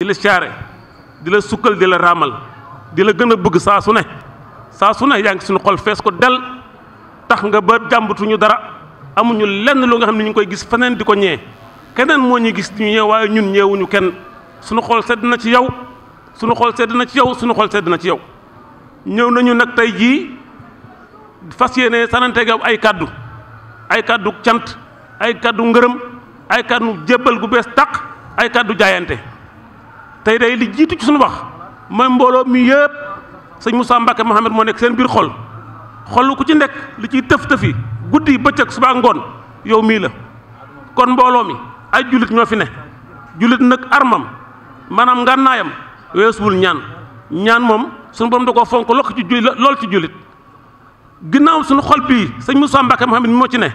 di la siyaare di la sukkal di la raamal di la gën a bëgg saa su ne saa su ne yaa ngi suñu xol fees ko del tax nga ba jàmbatuñu dara amuñu lenn lu nga xam ne ñu koy gis feneen di ko ñee keneen moo ñuy gis ñu ñëw waaye ñun ñeewuñu kenn sunu xol sedd na ci yow sunu xol sedd na ci yow suñu xol sedd na ci yow ñëw nañu nag tey jii fas yéene sanante gaw ay kàddu ay kàddu cant ay kàddu ngërëm ay kàddu jébbal gu bees tàq ay kàddu jaayante tey day li jiitu ci suñu wax mooy mbooloo mi yëpp sëñ Moussa Mbacke Mouhamed moo nekk seen biir xol xol ko ci nekk li ciy tëf tëfi guddi bëccëg suba ngoon yow mii la kon mbooloo mi ay jullit ñoo fi ne jullit nag armam maanaam ngànnaayam weesuwul ñaan ñaan moom suñu borom da koo fonk lokk ci jullit lool ci jullit ginnaaw suñu xol bii sëñ Moussa Mbacke Mouhamed moo ci ne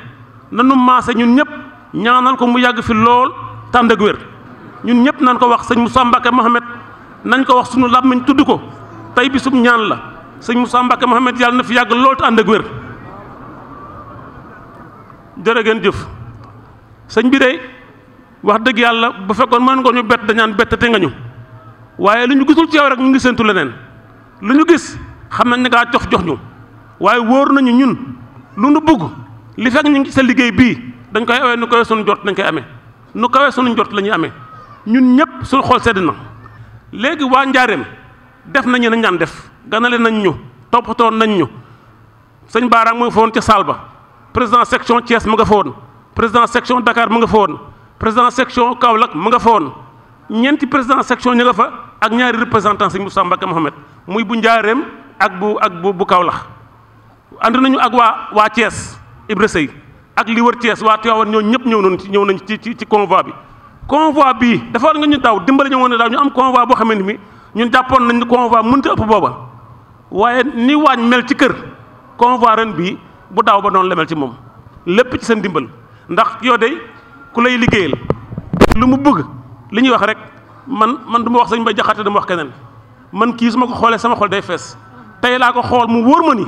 nanu maase ñun ñëpp ñaanal ko mu yàgg fi lool tànd ñun ñëpp nañ ko wax sëñ Moussa Mbacke Mohamed nañ ko wax suñu làmmiñ tudd ko tey bisum ñaan la sëñ Moussa Mbacke Mohamed yàlla na fi yàgg lool te ànd ak wér jërë ngeen jëf sëñ bi de wax dëgg yàlla bu fekkoon mën nga ñu bett dañaan bett te nga ñu waaye lu ñu gisul ci yow rek ñu ngi séntu leneen lu ñu gis xam nañ ne ngaa jox jox ñu waaye wóor nañu ñun lu nu bugg li fekk ñu ngi sa liggéey bii dañ koy awee nu koy sunu jot dañ koy amee nu kawee sunu jot la ñuy amee ñun ñëpp suñu xool sedd na léegi waa njaareem def nañu nañ daan def ganale nañ ñu toon nañ ñu sëñ Baaraam mu nga fa woon ca Salba président section Thiès mu nga fa woon président section Dakar mu nga fa woon président section Kaolack mu nga fa woon ñeenti président section ñu nga fa ak ñaari représentant sëñ Moussa Mbacke Mohamed muy bu njaareem ak bu ak bu bu kawlax ànd nañu ak waa waa cees Ibra Sey ak li wër Thiès waa Tivaouane ñoo ñëpp ñëw nañ ci ñëw nañ ci ci convoi bi convoi bi dafa war nga ñu daaw dimbali ñu woon ne daaw ñu am convoi boo xamante ni ñun jàppoon nañ ni convoi mënta ëpp booba waaye ni waañ mel ci kër convoi ren bii bu daaw ba noonu la mel ci moom lépp ci seen dimbal ndax yow de ku lay liggéeyal lu mu bëgg li ñuy wax rek man man du ma wax sëñ Mbaye Jaxate dama wax keneen man kii su ma ko xoolee sama xol day fees tey laa ko xool mu wóor ma ni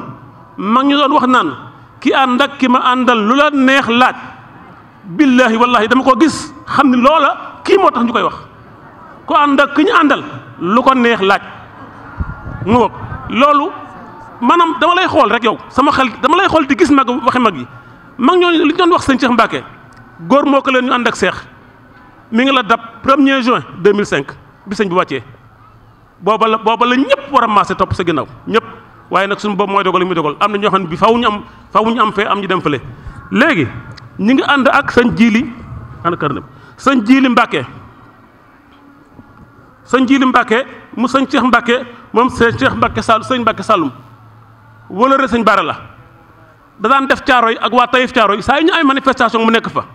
mag ñu doon wax naan ki ànd ak ki ma àndal lu la neex laaj. billahi wallahi dama ko gis xam ni loola kii moo tax ñu koy wax ko ànd ak ki ñu àndal lu ko neex laaj mu wëg loolu maanaam dama lay xool rek yow sama xel dama lay xool di gis mag waxi mag yi mag ñooñu li ñu wax sëñ Cheikh Mbacke góor moo ko leen ñu ànd ak seex mi ngi la dab premier juin 2005 bi sëñ bi wàccee booba la booba la ñëpp war a maase topp sa ginnaaw ñëpp waaye nag suñu boob mooy dogal li muy dogal am na ñoo xam ne bi faw ñu am faw am fee am ñu dem fële léegi ñu ngi ànd ak sañ jiili ana kër sëñ jiili Mbàkke sëñ jiili Mbàkke mu sëñ Cheikh Mbàkke moom sëñ Cheikh Mbàkke Sall sëñ Mbàkke Sallum wala sëñ Bara la da daan def caaro yi ak waa Taïf caaro yi saa yi ñu amee manifestation mu nekk fa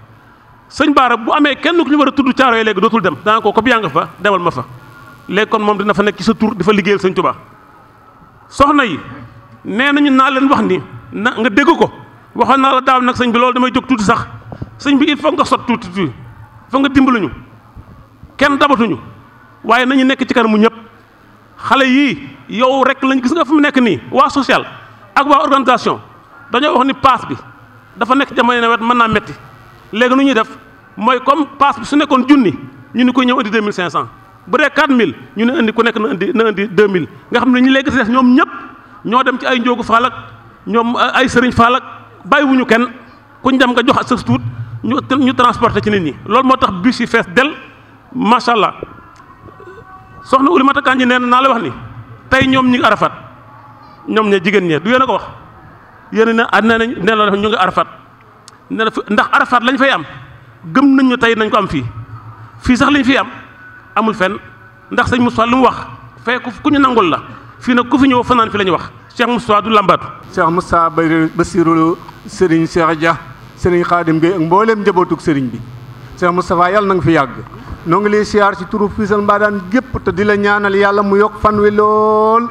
sëñ Bara bu amee kenn ku ñu war a tudd caaro yi léegi dootul dem daan ko ko yaa nga fa demal ma fa léegi kon moom dina fa nekk ci sa tur di fa liggéeyal sëñ Tuubaa soxna yi nee nañu naa leen wax ni na nga dégg ko waxoon naa la daaw nag sëñ bi loolu damay jóg tuuti sax sëñ bi il faut nga sot tuuti tuuti fa nga ñu kenn dabatuñu waaye nañu nekk ci kanamu ñëpp xale yii yow rek lañ gis nga fu mu nekk nii waa social ak waa organisation dañoo wax ni paas bi dafa nekk jamono nawet mën naa metti léegi nu ñuy def mooy comme paas bi su nekkoon junni ñu ni koy ñëw indi deux mille cinq cent bu dee quatre mille ñu ne indi ku nekk na indi na indi deux mille nga xam ne ñu léegi si des ñëpp ñoo dem ci ay njóogu faal ñoom ay sëriñ faal bàyyiwuñu kenn kuñ dem nga jox ak sës tuut ñu ñu transporté ci nit ñi loolu moo tax bus yi fees del macha allah soxna Oulimata Kandji nee na naa la wax ni tey ñoom ñi ngi arafat ñoom ñe jigéen ñee du yéen a ko wax yéen ne ah nee nañ nee na ñu ngi arafat nee na ndax arafat lañ fay am gëm nañ ñu tey nañ ko am fii fii sax lañ fiy am amul fen ndax sëñ Moussa lu mu wax fee ku ñu nangul la fii nag ku fi ñëw fanaan fi la ñu wax. Cheikh Moustapha du lambatu Cheikh Moustapha Bassirou Serigne Cheikh Dia Serigne Khadim Gueye ak mbooleem njabootug sëriñ bi Cheikh Moustapha yàlla na nga fi yàgg noo ngi lay siyaar ci turu Fissel Mbadane gépp te di la ñaanal yàlla mu yokk fan wi lool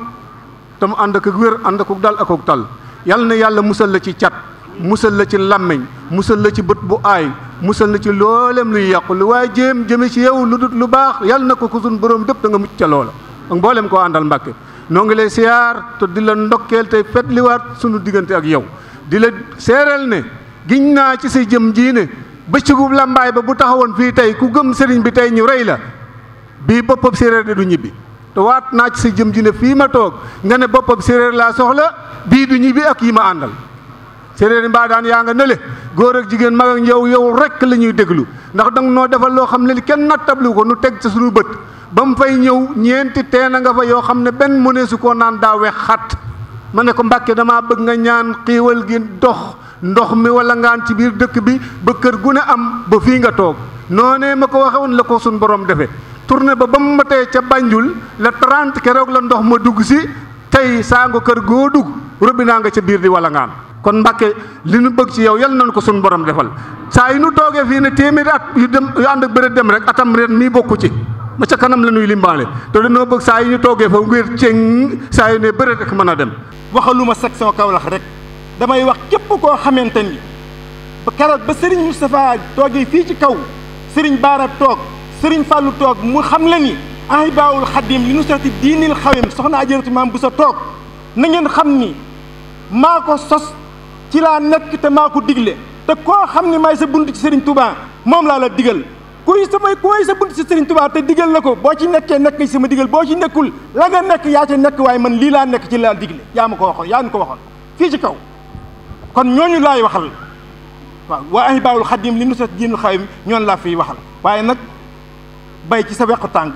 te mu ànd ak wér ànd ak dal ak tal yàlla na yàlla musal la ci cat musal la ci làmmiñ musal la ci bët bu aay musal na ci looleem luy yàqu lu waaye jéem jëme ci yow lu dut lu baax yàlla na ko ko suñ borom dëpp da nga mucc ca loola ak àndal mbàkke noo ngi lay siyaar te di la ndokkeel tey fetliwaat sunu diggante ak yow di la seereel ne giñ naa ci say jëm jii ne bëccëgu làmbaay ba bu taxawoon fii tey ku gëm sëriñ bi tey ñu rey la bii boppam séeréer de du ñibbi te waat naa ci sa jëm ji ne fii ma toog nga ne boppam séeréer laa soxla bii du ñibbi ak yi ma àndal séeréer yi mbaa daan yaa nga nële góor ak jigéen mag ak yow yow rek lañuy ñuy déglu ndax dang noo defal loo xam ne li kenn nattablu ko nu teg ci suñu bët ba mu fay ñëw ñeenti teen a nga fa yoo xam ne benn mu su ko naan daa wex xat ma ne ko mbàkke damaa bëgg nga ñaan xiiwal gi dox ndox mi wala ngaan ci biir dëkk bi ba kër gu ne am ba fii nga toog noonee ma ko waxe la ko suñu borom defee tournée ba ba mu matee ca Banjul la 30 keroog la ndox ma dugg si tey saango kër goo dugg naa nga ca biir di wala ngaan kon mbàkke li nu bëgg ci yow yal nañu ko suñ borom defal saa yi nu toogee fii ne téeméeri at yu dem yu ànd ak bëri dem rek atam ren mii bokku ci ba ca kanam la ñuy limbaale te dañoo bëgg saa yi ñu toogee fa ngir ceng saa yu ne bëri rek mën a dem. waxaluma kaw Kaolack rek damay wax képp koo xamante ni ba keroog ba Serigne Moustapha toogee fii ci kaw Serigne Baara toog Serigne Fallou toog mu xam la ni Ahibahil Khadim li nu seeti diinil xawim soxna Ajaratu Maam bu sa toog na xam ni maa ko sos ci laa nekk te maa ko digle te koo xam ni may sa bunt ci Serigne Touba moom laa la digal. kuy samay kuy sa bunt si Serigne Touba te digal la ko boo ci nekkee nekk sama digal boo ci nekkul la nga nekk yaa ci nekk waaye man lii laa nekk ci laa digle yaa ma ko waxoon yaa ñu ko waxoon fii ci kaw kon ñooñu laay waxal waaw waa ahibaawul xadim li nu sa diinul xayim ñoon laa fiy waxal waaye nag bay ci sa wequ tàng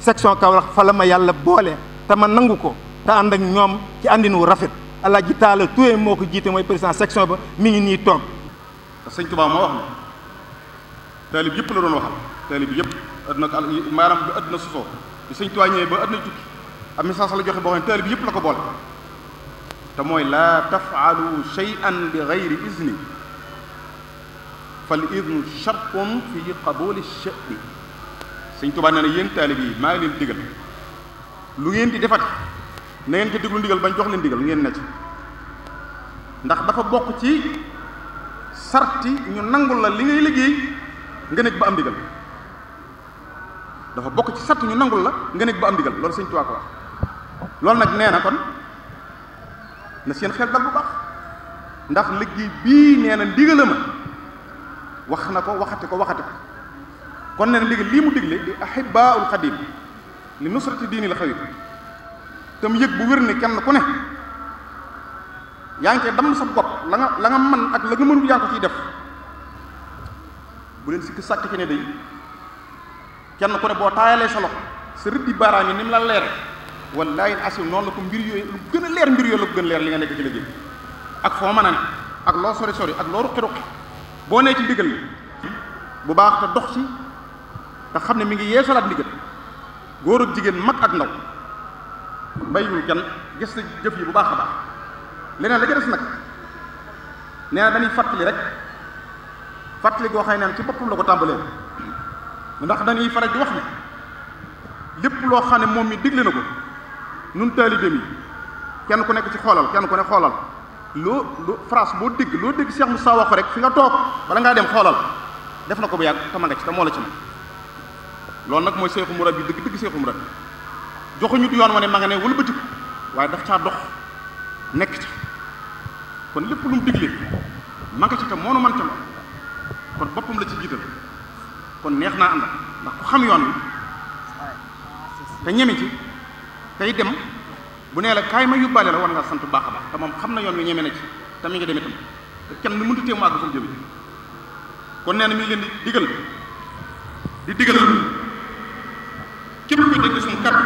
section Kaolack fa la ma yàlla boole te ma nangu ko te ànd ak ñoom ci àndin wu rafet ji taal Touré moo ko jiite mooy président section ba mi ngi nii toog sëñ Tuubaa moo wax ne taalib yëpp la doon waxal taalib yëpp adduna ko maanaam bi adduna sosoo bi sëñ Tuubaa ñëwee ba adduna tukki am message la joxe boo xam ne taalib yëpp la ko boole te mooy la tafaalu shay'an bi gayri izni fal idnu shartun fi qabuli sha'ni sëñ Tuubaa nee na yéen taalib yi maa ngi leen digal lu ngeen di defat na ngeen ko diglu ndigal bañ jox leen ndigal ngeen ne ndax dafa bokk ci sarti ñu nangul la li ngay liggéey nga nekk ba am digal dafa bokk ci sart ñu nangul la nga nekk ba am digal loolu sëñ Tuubaa ko wax loolu nag nee na kon na seen xel dal bu baax ndax liggéey bii nee na ndigala ma wax na ko waxate ko waxate ko kon nee na ndigal lii mu digle di ahibbaul xadim li nusrati diini la xawit tam yëg bu wér ni kenn ku ne yaa ngi koy damm sa bopp la nga la nga man ak la nga mënul yaa ngi ko ciy def bu leen sikk sàkk ci ne day kenn ku ne boo taayalee sa loxo sa rëddi baaraam yi ni mu la leere wallaahi asim noonu la ko mbir yooyu lu gën a leer mbir yooyu la ko gën leer li nga nekk ci liggéey ak foo mën a ne ak loo sori sori ak loo ruqi ruqi boo nee ci ndigal li bu baax te dox ci te xam ne mi ngi yeesalaat ndigal góor ak jigéen mag ak ndaw bayuñu kenn gis na jëf yi bu baax a baax leneen la ca des nag nee na dañuy fàttali rek fàttali goo xëy neen ci boppam la ko tàmbalee ndax dañuy faral di wax ne lépp loo xam ne moom mi digle na ko nun taalibe mi kenn ku nekk ci xoolal kenn ku ne xoolal loo lu phrase boo dégg loo dégg Cheikh Moussa wax rek fi nga toog bala ngaa dem xoolal def na ko bu yàgg te ma nga ci te moo la ci nag loolu nag mooy seexu murab bi dégg dëgg seexu murab joxuñu yoon wa ne ma nga ne wëlbatiku waaye daf caa dox nekk ca kon lépp lu mu digle ma nga ci te moonu man ca kon boppam la ci jiital kon neex naa àndal ndax ku xam yoon wi te ñeme ci tey dem bu nee la kaay ma yóbbaale la war nga sant baax a te moom xam na yoon wi ñeme na ci te mi ngi dem itam te kenn nu mënta téye mu àgg fa mu jëm kon nee na mi ngi leen di digal di digal képp kuy dégg suñu kàddu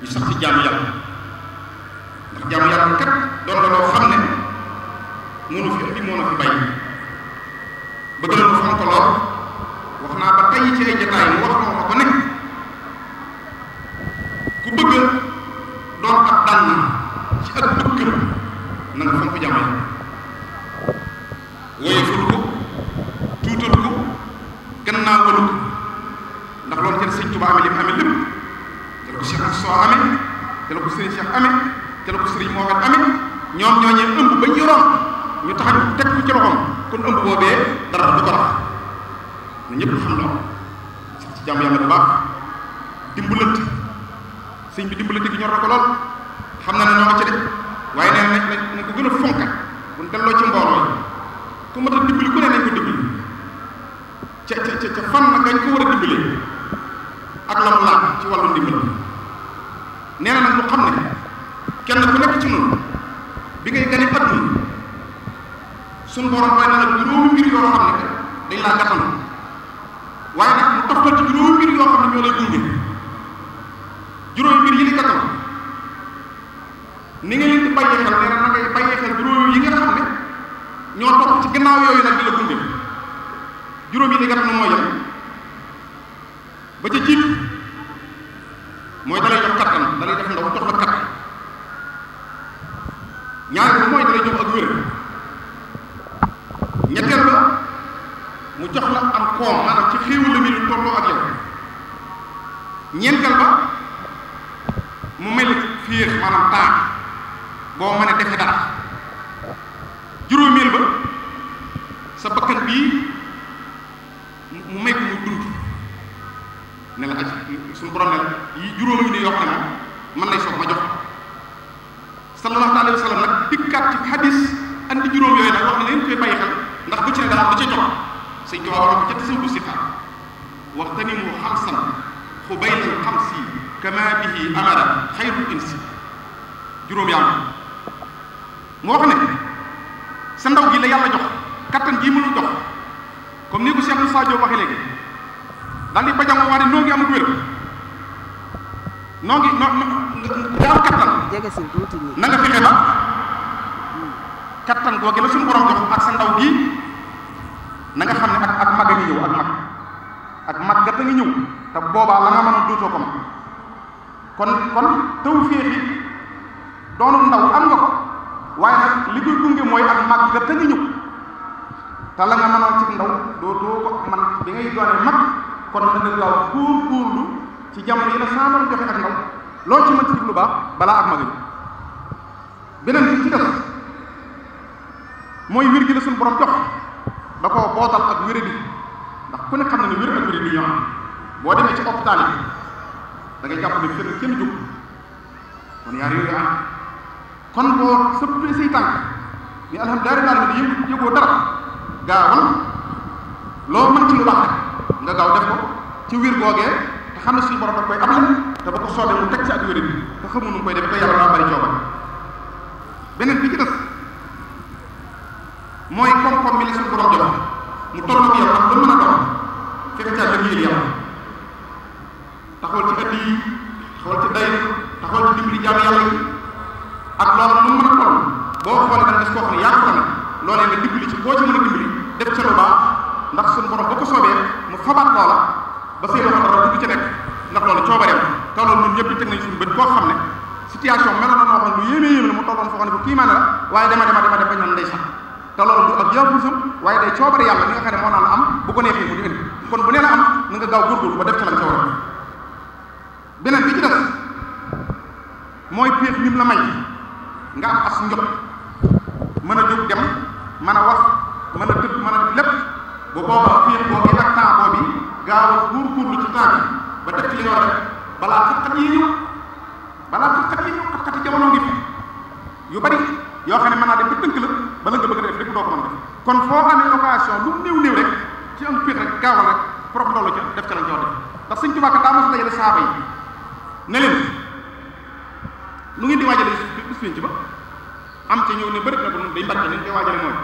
ñu sax ci jaamu yàlla ndax jaamu yàlla kat doon la loo xam ne mënu fi indi mënu fi bàyyi bëgg na ma fonk wax naa ba tey ci ay mu wax loo ko ne ku bëgg doon ab dànn ci ak dëkkam na nga fonk jamono woyeful ko tuutal ko gannaawalu ko ndax loolu ci sëñ Tuba amee li amee lépp te la ko Cheikh Moussa amee te la ko Serigne Cheikh amee te la ko Serigne Mohamed amee ñoom ñooñee ëmb ba ñu yoroon ñu tax a teg ci loxoom kon ëmb boobee. dara du ko rax ñu ñëpp xam loolu sax ci jàmm yàlla bu baax dimbalante sëñ bi dimbalante gi ñor na ko lool xam na ne ñoo ko ci de waaye nee nañ nañ ko gën a fonkat buñ delloo ci mbooloo yi ku mat a dimbali ku ne nañ ko dimbali ca ca ca fan na gañ ko war a dimbalee ak la mu laaj ci wàllu ndimbal nee na nag lu xam ne kenn ku nekk ci noonu bi ngay gane adduna suñu borom mooy na la juróomi mbir yoo xam ne dañ laa gàttal waaye nag mu toftal ci juróomi mbir yoo xam ne ñoo lay gunge juróomi mbir yi di gàttal ni nga leen di bàyyee xel na na yi ne ñoo topp ci gannaaw yooyu nag di la ba ca jiitu mooy dalay jox kattan dalay def ndaw jox ñeenteel ba mu mel fiir maanaam temps boo mën a defe dara juróomeel ba sa bakkan bii mu may nu mu dund ne la aj suñu borom ne la juróom yi ni yoo xam mën nañ soo ma jox sallallahu alayhi wa nag dikkaat ci hadis andi juróom yooyu nag wax ne leen koy bàyyi xel ndax bu ci ne dara da ca jox sëñ Tuubaa wax ko ca tasawdu sixa wax tani mu xamsan xubayl alxamsi kama bihi amara xayrul insi juróom yaa mu wax ne sa ndaw gi la yàlla jox kattan gii mënul jox comme ni ko Cheikh Moussa Diop waxee léegi daal di bajango waa ne noo ngi amul wér noo ngi no nga am kattan na nga fexe ba kattan googu la suñu jox ak sa ndaw gi nanga xam ne ak ak mag a ngi ñëw ak mag ak mag gata ngi ñëw te boobaa la nga mën a duutoo ko man kon kon tawféex yi doonu ndaw am nga ko waaye li koy gunge mooy ak mag nga tënk ñëw te la nga mënoon ci ndaw dootoo ko man bi ngay doone mag kon a nga gaaw góor góorlu ci jamono yi la saa mën joxe ak ndaw loolu ci mën ci lu baax balaa ak mag yi beneen bi ci def mooy wér gi la suñu borom jox da koo bootal ak wéré bi ndax ku ne xam na ne wér ak wéré bi boo demee ci hôpital yi da ngay jàpp ne kenn kenn jóg kon yaar yooyu am kon boo sëppee say tànk ni alhamdulilah daal di yëg yëgoo dara gaawal loo mën ci lu baax rek nga gaaw def ko ci wiir googee te xam ne suñu borom da koy am la te ba ko soobee mu teg ci ak wér bi te xamu koy def te yàlla daa bari bi ci des mooy koom-koom mi la suñu borom jox mu toll ak mën a dox fekk caa jot yéen yow mooy nga dimbali ci boo ci mën a dimbali def ca lu baax ndax suñu borom ba ko soobee mu fabaat loola ba say loxo ci nekk ndax loolu coobareem te loolu ñun ñëpp teg nañ suñu bët xam ne situation meloon na noo xam lu yéeme yéeme la mu tolloon foo waaye dama dama dama def bañ naan waaye day coobare yàlla li nga xam ne moo naan bu ko neexee mu di indi kon bu nee la bi ci des mooy péex ñim la may nga am as njot mën a jóg dem mën a wax mën a tëdd mën a lépp bu boobaa fii boobu ak temps boobu gaaw a buur buur ci temps bi ba def ci li nga def balaa xat-xat yi ñëw balaa xat-xat yi ñëw xat-xat yi jamono ngi fi yu bari yoo xam ne mën naa dem ba tënk la bala nga bëgg a def lépp doo ko mën a def kon foo amee occasion lu néew néew rek ci am piir rek gaawal rek propre loolu ci def ca lañ jox def ndax sëñ Tuubaa kat daa mos dajale saaba yi ne leen ngeen di waajale bis pénc am ca ñëw ni bëri ba ko noonu day mbàcc nañ koy waajale mooy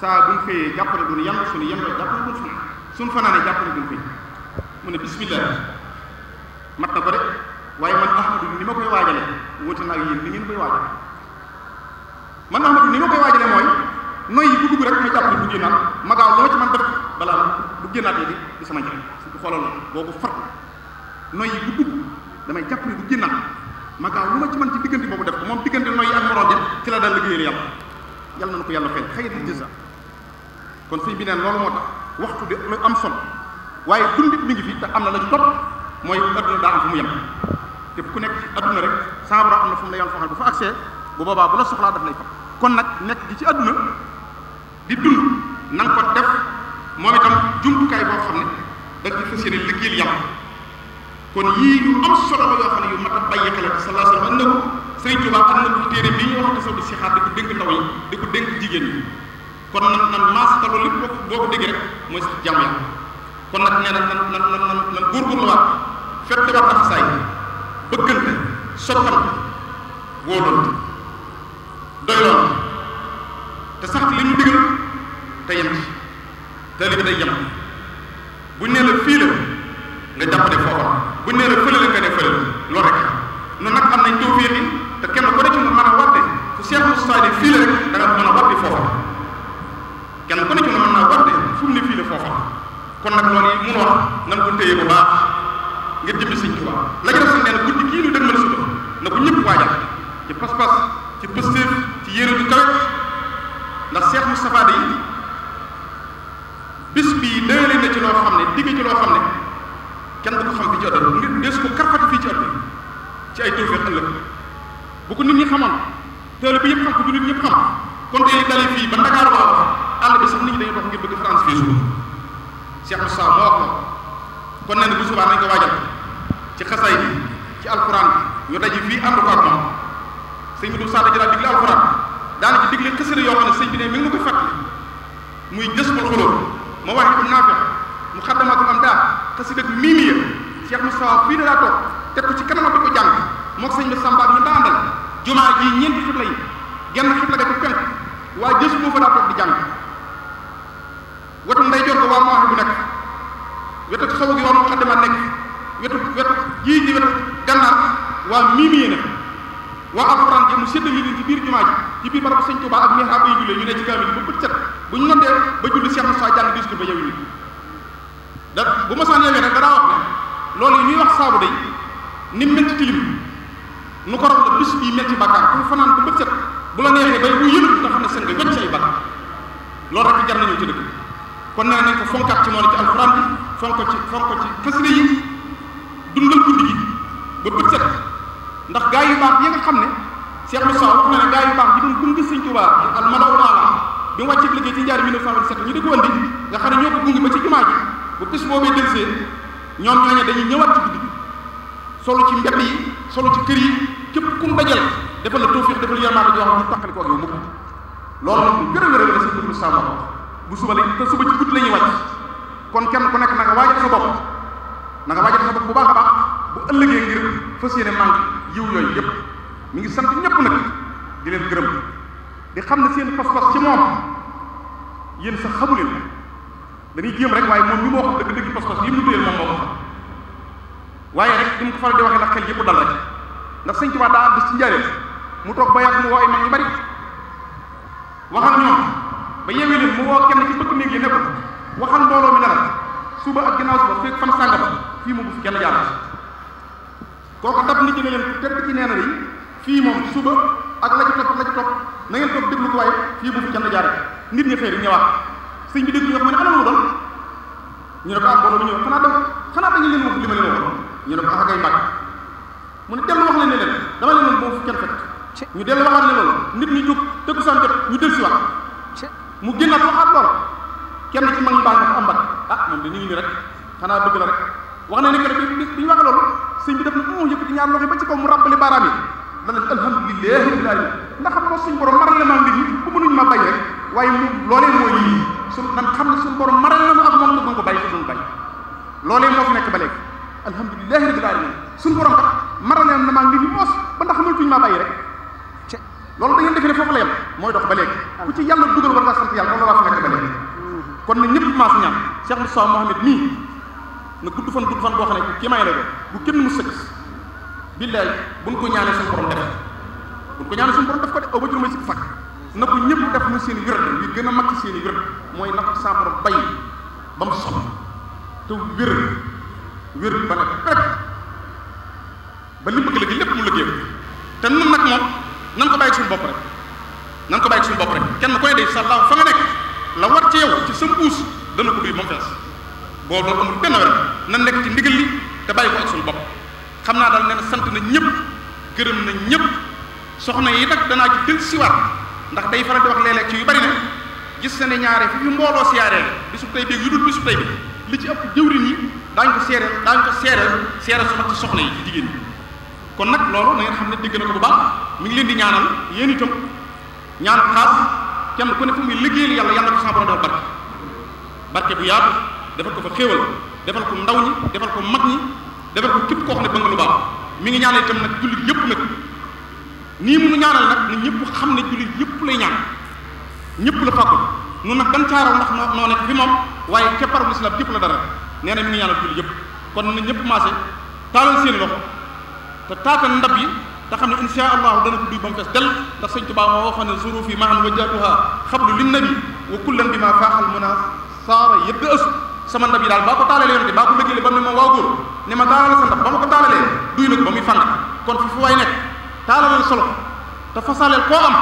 saa bu ñu xëyee jàppale duñu yem suñu yem la jàppale duñu fanaan suñu fanaanee jàppale duñu xëy mu ne bismillah mat na ko rek waaye man ahmadu ni ma koy waajale wóote naa ak yéen ni ngeen koy waajale man ahmadu ni ma koy waajale mooy noy yi bu dugg rek ma jàppale bu génnaat ma gaaw loo ci man def balaa bu jën yi di sama njëriñ su xoolal boo ko far noy yi bu dugg damay jàppale bu génnaat ma gaaw lu ma ci mën ci diggante boobu def ko moom diggante noyyi ak morom ja ci la daan liggéeyal yàlla yàlla nañu ko yàlla fay xëyati jësa kon sëñ bi neen loolu moo tax waxtu bi lu am solo waaye dundit mi ngi fi te am na la ci topp mooy adduna daa am fu mu yem te ku nekk adduna rek saabara xam na fu mu la yàlla faxal bu fa accès bu boobaa bu la soxlaa daf lay fab kon nag nekk di ci adduna di dund na ko def moom itam jumtukaay boo xam ne da nga ci fas kon yii yu am solo la yoo xam ne yu mat a bàyyi xel la sallallahu alayhi wa sallam am na ko Sëriñ Tuubaa am na ko téere bi ñu wax ne saw di sixaar di ko dénk ndaw yi di ko dénk jigéen ñi kon nag nan maas taloo lépp boo boo ko déggee rek mooy kon nag nee na nan nan nan nan nan góorgóorluwaat fekk war tax saay bëggante soppante wóolante doyloon te sax li mu digal te yem ci te li day yem sëñ bi dëgëlee na ne digg ci loo xam ne kenn du ko xam fi ci àdduna ngir des ko ko nit ñi xamoon teel bi yëpp xam ko jullit ñëpp xam kon tey li dalee ba Ndakaaru waaw àll bi sax nit ñi dañuy na bu subaa nañ ko waajal ci xasaay bi ci alquran ñu daj fii ànd ko ak moom sëñ bi du saa dañu daal digle alquran daanaka digle xasida yoo xam ne sëñ bi ne mi ngi ko fàttali muy jës ko xoloo Mawâhibou Nafi' Muqaddamatul Amdâh xasida ak miimiya Cheikh Moustapha fii daa toog teg ko ci kanamam di ko jàng moog sëñ bi Samba ak ñu daa àndal jumaa ji ñeenti xibla yi genn xibla ga ci penk waaye jësu moo fa daa toog di jàng wetu ndeyjoor ko waa Mawâhibou nekk wetu sowu gi waa Muqaddamaat nekk wetu wetu yii di wetu gànnaar waa miimiya nekk waa alxuraan ji mu séddal yi ci biir jumaa ji ci biir barabu sëñ Tuubaa ak mihrab ay jullee ñu ne ci kaamil ba bët set bu ñu noddee ba julli Cheikh Moussa jàng discours ba yow yi da bu ma saan yewee nag danaa wax ne loolu yi ñuy wax saabu day ni mel nu ko rob la bis bii mel ci bàkkaar ku fanaan ba bët set bu la neexee bay bu yëlu nga xam ne sën nga wecc ay bàkkaar loolu rek jar nañu ci dëkk kon nee nañ ko fonkaat ci noonu ci alxuraan bi fonk ko ci fonk ko ci xasida yi dundal guddi gi ba bët set ndax gaa yu xam ne Cheikh Moussa wax na ne gaa yu baax yi doon gunge sëñ Touba al bi mu wàccee liggéey ci njaar 1927 ñu di ko andi nga xam ne ñoo ko gunge ba ci jumaa ji bu pis boobee delsee ñoom ñooñu dañuy ñëwaat ci guddi solo ci mbedd yi solo ci kër yi képp ku mu dajal defal la tawfiq defal yërmaande di wax ñu tàqali ko ak yow mukk loolu nag lu gën a wér la sëñ Moussa wax bu suba la te suba ci guddi la ñuy kon kenn ku nekk na nga waajal sa bopp na nga waajal sa bopp bu baax a baax mi ngi sant ñëpp nag di leen gërëm di xam ne seen pas-pas ci moom yéen sax xamu leen dañuy jéem rek waaye moom mi moo xam dëgg-dëgg pas-pas yi mu duyeel moom moo ko waaye rek ni mu ko faral di waxee ndax xel yëpp dal rek ndax sëñ Tuubaa daa bis ci njaareem mu toog ba yàgg mu woo ay mag ñu waxal ñoom ba yeewee leen mu woo kenn ci bëgg néeg yi ne waxal mbooloo mi ne la suba ak ginnaaw suba fekk fan sàngam fii mu bu fi kenn jàll kooku dab nit ñi nee fii moom suba ak la ci topp la topp na ngeen toog déglu ko waaye fii bu fi kenn jaare nit ñi xëy ñëwaat bi déglu ñu wax mu ne ana lu doon ñu ne ko ah mbooloo mi ñëw xanaa dem li ma leen wax ñu ne ah mu ne dellu wax leen ne leen dama leen leen boobu fi kenn fekk ñu dellu waxaat ne loolu nit ñi jóg tëkku saan jot ñu del si wax mu génnaat waxaat loolu kenn ci mag ñu baax dafa am mbagg ah moom de ñu ngi nii rek xanaa dëgg la rek wax na ne que bi ñu waxee loolu sëñ bi def na ko oh, mu yëkkati ñaar loxo ba ci kaw mu ràbbali baaraam yi danañ alhamdulilahi rabbil alamin ndax xam nga suñu borom maral na maa mbir yi bu mënuñ ma bay rek waaye mu loolee mooy yii suñ nan xam ne suñu borom maral na mu ak moom la ko bay te duñ bay loolee moo fi nekk ba léegi alhamdulilahi rabbil alamin suñu borom kat maral na maa mbir yi moos ba ndax mënatuñ ma bay rek te loolu da ngeen defee ne foofu la yem mooy dox ba léegi ku ci yàlla dugal war ngaa sant yàlla loolu waa fi nekk ba léegi kon na ñëpp maa fi ñaan Cheikh Moustapha Mohamed nii na gudd fan gudd fan boo xam ne bu kéemaay la bu kenn mu sëgg billaay buñ ko ñaanee suñu borom def buñ ko ñaanee suñu borom def ko de aw ba jur may si fakk na ko ñëpp def mu seen wér gën a mag ci mooy na ko saa borom bay ba mu soxla te wér wér ba nag bëgg léegi lépp mu lëggee te nun nag moom nan ko bàyyi suñu bopp rek nan ko bàyyi suñu bopp rek kenn koy day sàllaaw fa nga nekk la war ci yow ci sa mbuus dana ko duy moom fees boo doon amul benn wér na nekk ci ndigal li te bàyyi ko ak suñu bopp xam naa daal nee na sant na ñëpp gërëm na ñëpp soxna yi nag danaa ci dël siwaat ndax day faral di wax léeg-léeg ci yu bari ne gis na ne ñaare fi fi mbooloo siyaaree bisu tey bii yu dul bisu tey bi li ci ëpp jëwrin yi daañu ko seere daañu ko seere seere su ci soxna yi jigéen kon nag loolu na ngeen xam ne dégg na ko bu baax mu ngi leen di ñaanal yéen itam ñaan xaas kenn ku ne fu muy liggéeyal yàlla yàlla ko sama borom defal barke barke bu yaatu defal ko fa xéewal defal ko ndaw defal ko mag ñi defal ko képp koo xam ne ba lu baax mi ngi ñaanal tam nag jullit yëpp nag nii mu nu ñaanal nag na ñëpp xam ne jullit yëpp la ñaan ñëpp la fàkkul nun nag dan caaraw ndax noo noo nekk fi moom waaye kepparu lislaam yëpp la dara nee na mi ngi ñaanal jullit yëpp kon na ñëpp maase taalal seeni loxo te taatal ndab yi te xam ne insha allahu dana ko duy ba mu fees dell ndax sëñ Tuubaa moo waxoon ne zuru fi mahan wajjatuha xablu lin nabi wa bi ma faaxal muna ba mu ne moom waaw góor ne ma taalal sa ndab ba ma ko taalalee duy na ko ba muy fànn kon fi fu waay nekk taalalal solo te fasaaleel koo am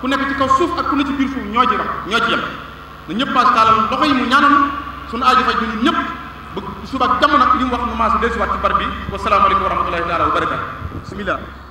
ku nekk ci kaw suuf ak ku ne ci biir suuf ñoo ci ram ñoo ci yem na ñëpp paas taalal loxo yi mu su suñu aajo faj ñun ñëpp ba suba ak jàmm nag li mu wax nu maas dellusiwaat ci bar bi wasalaamualeykum wa rahmatullahi taala wa barakatu bismillah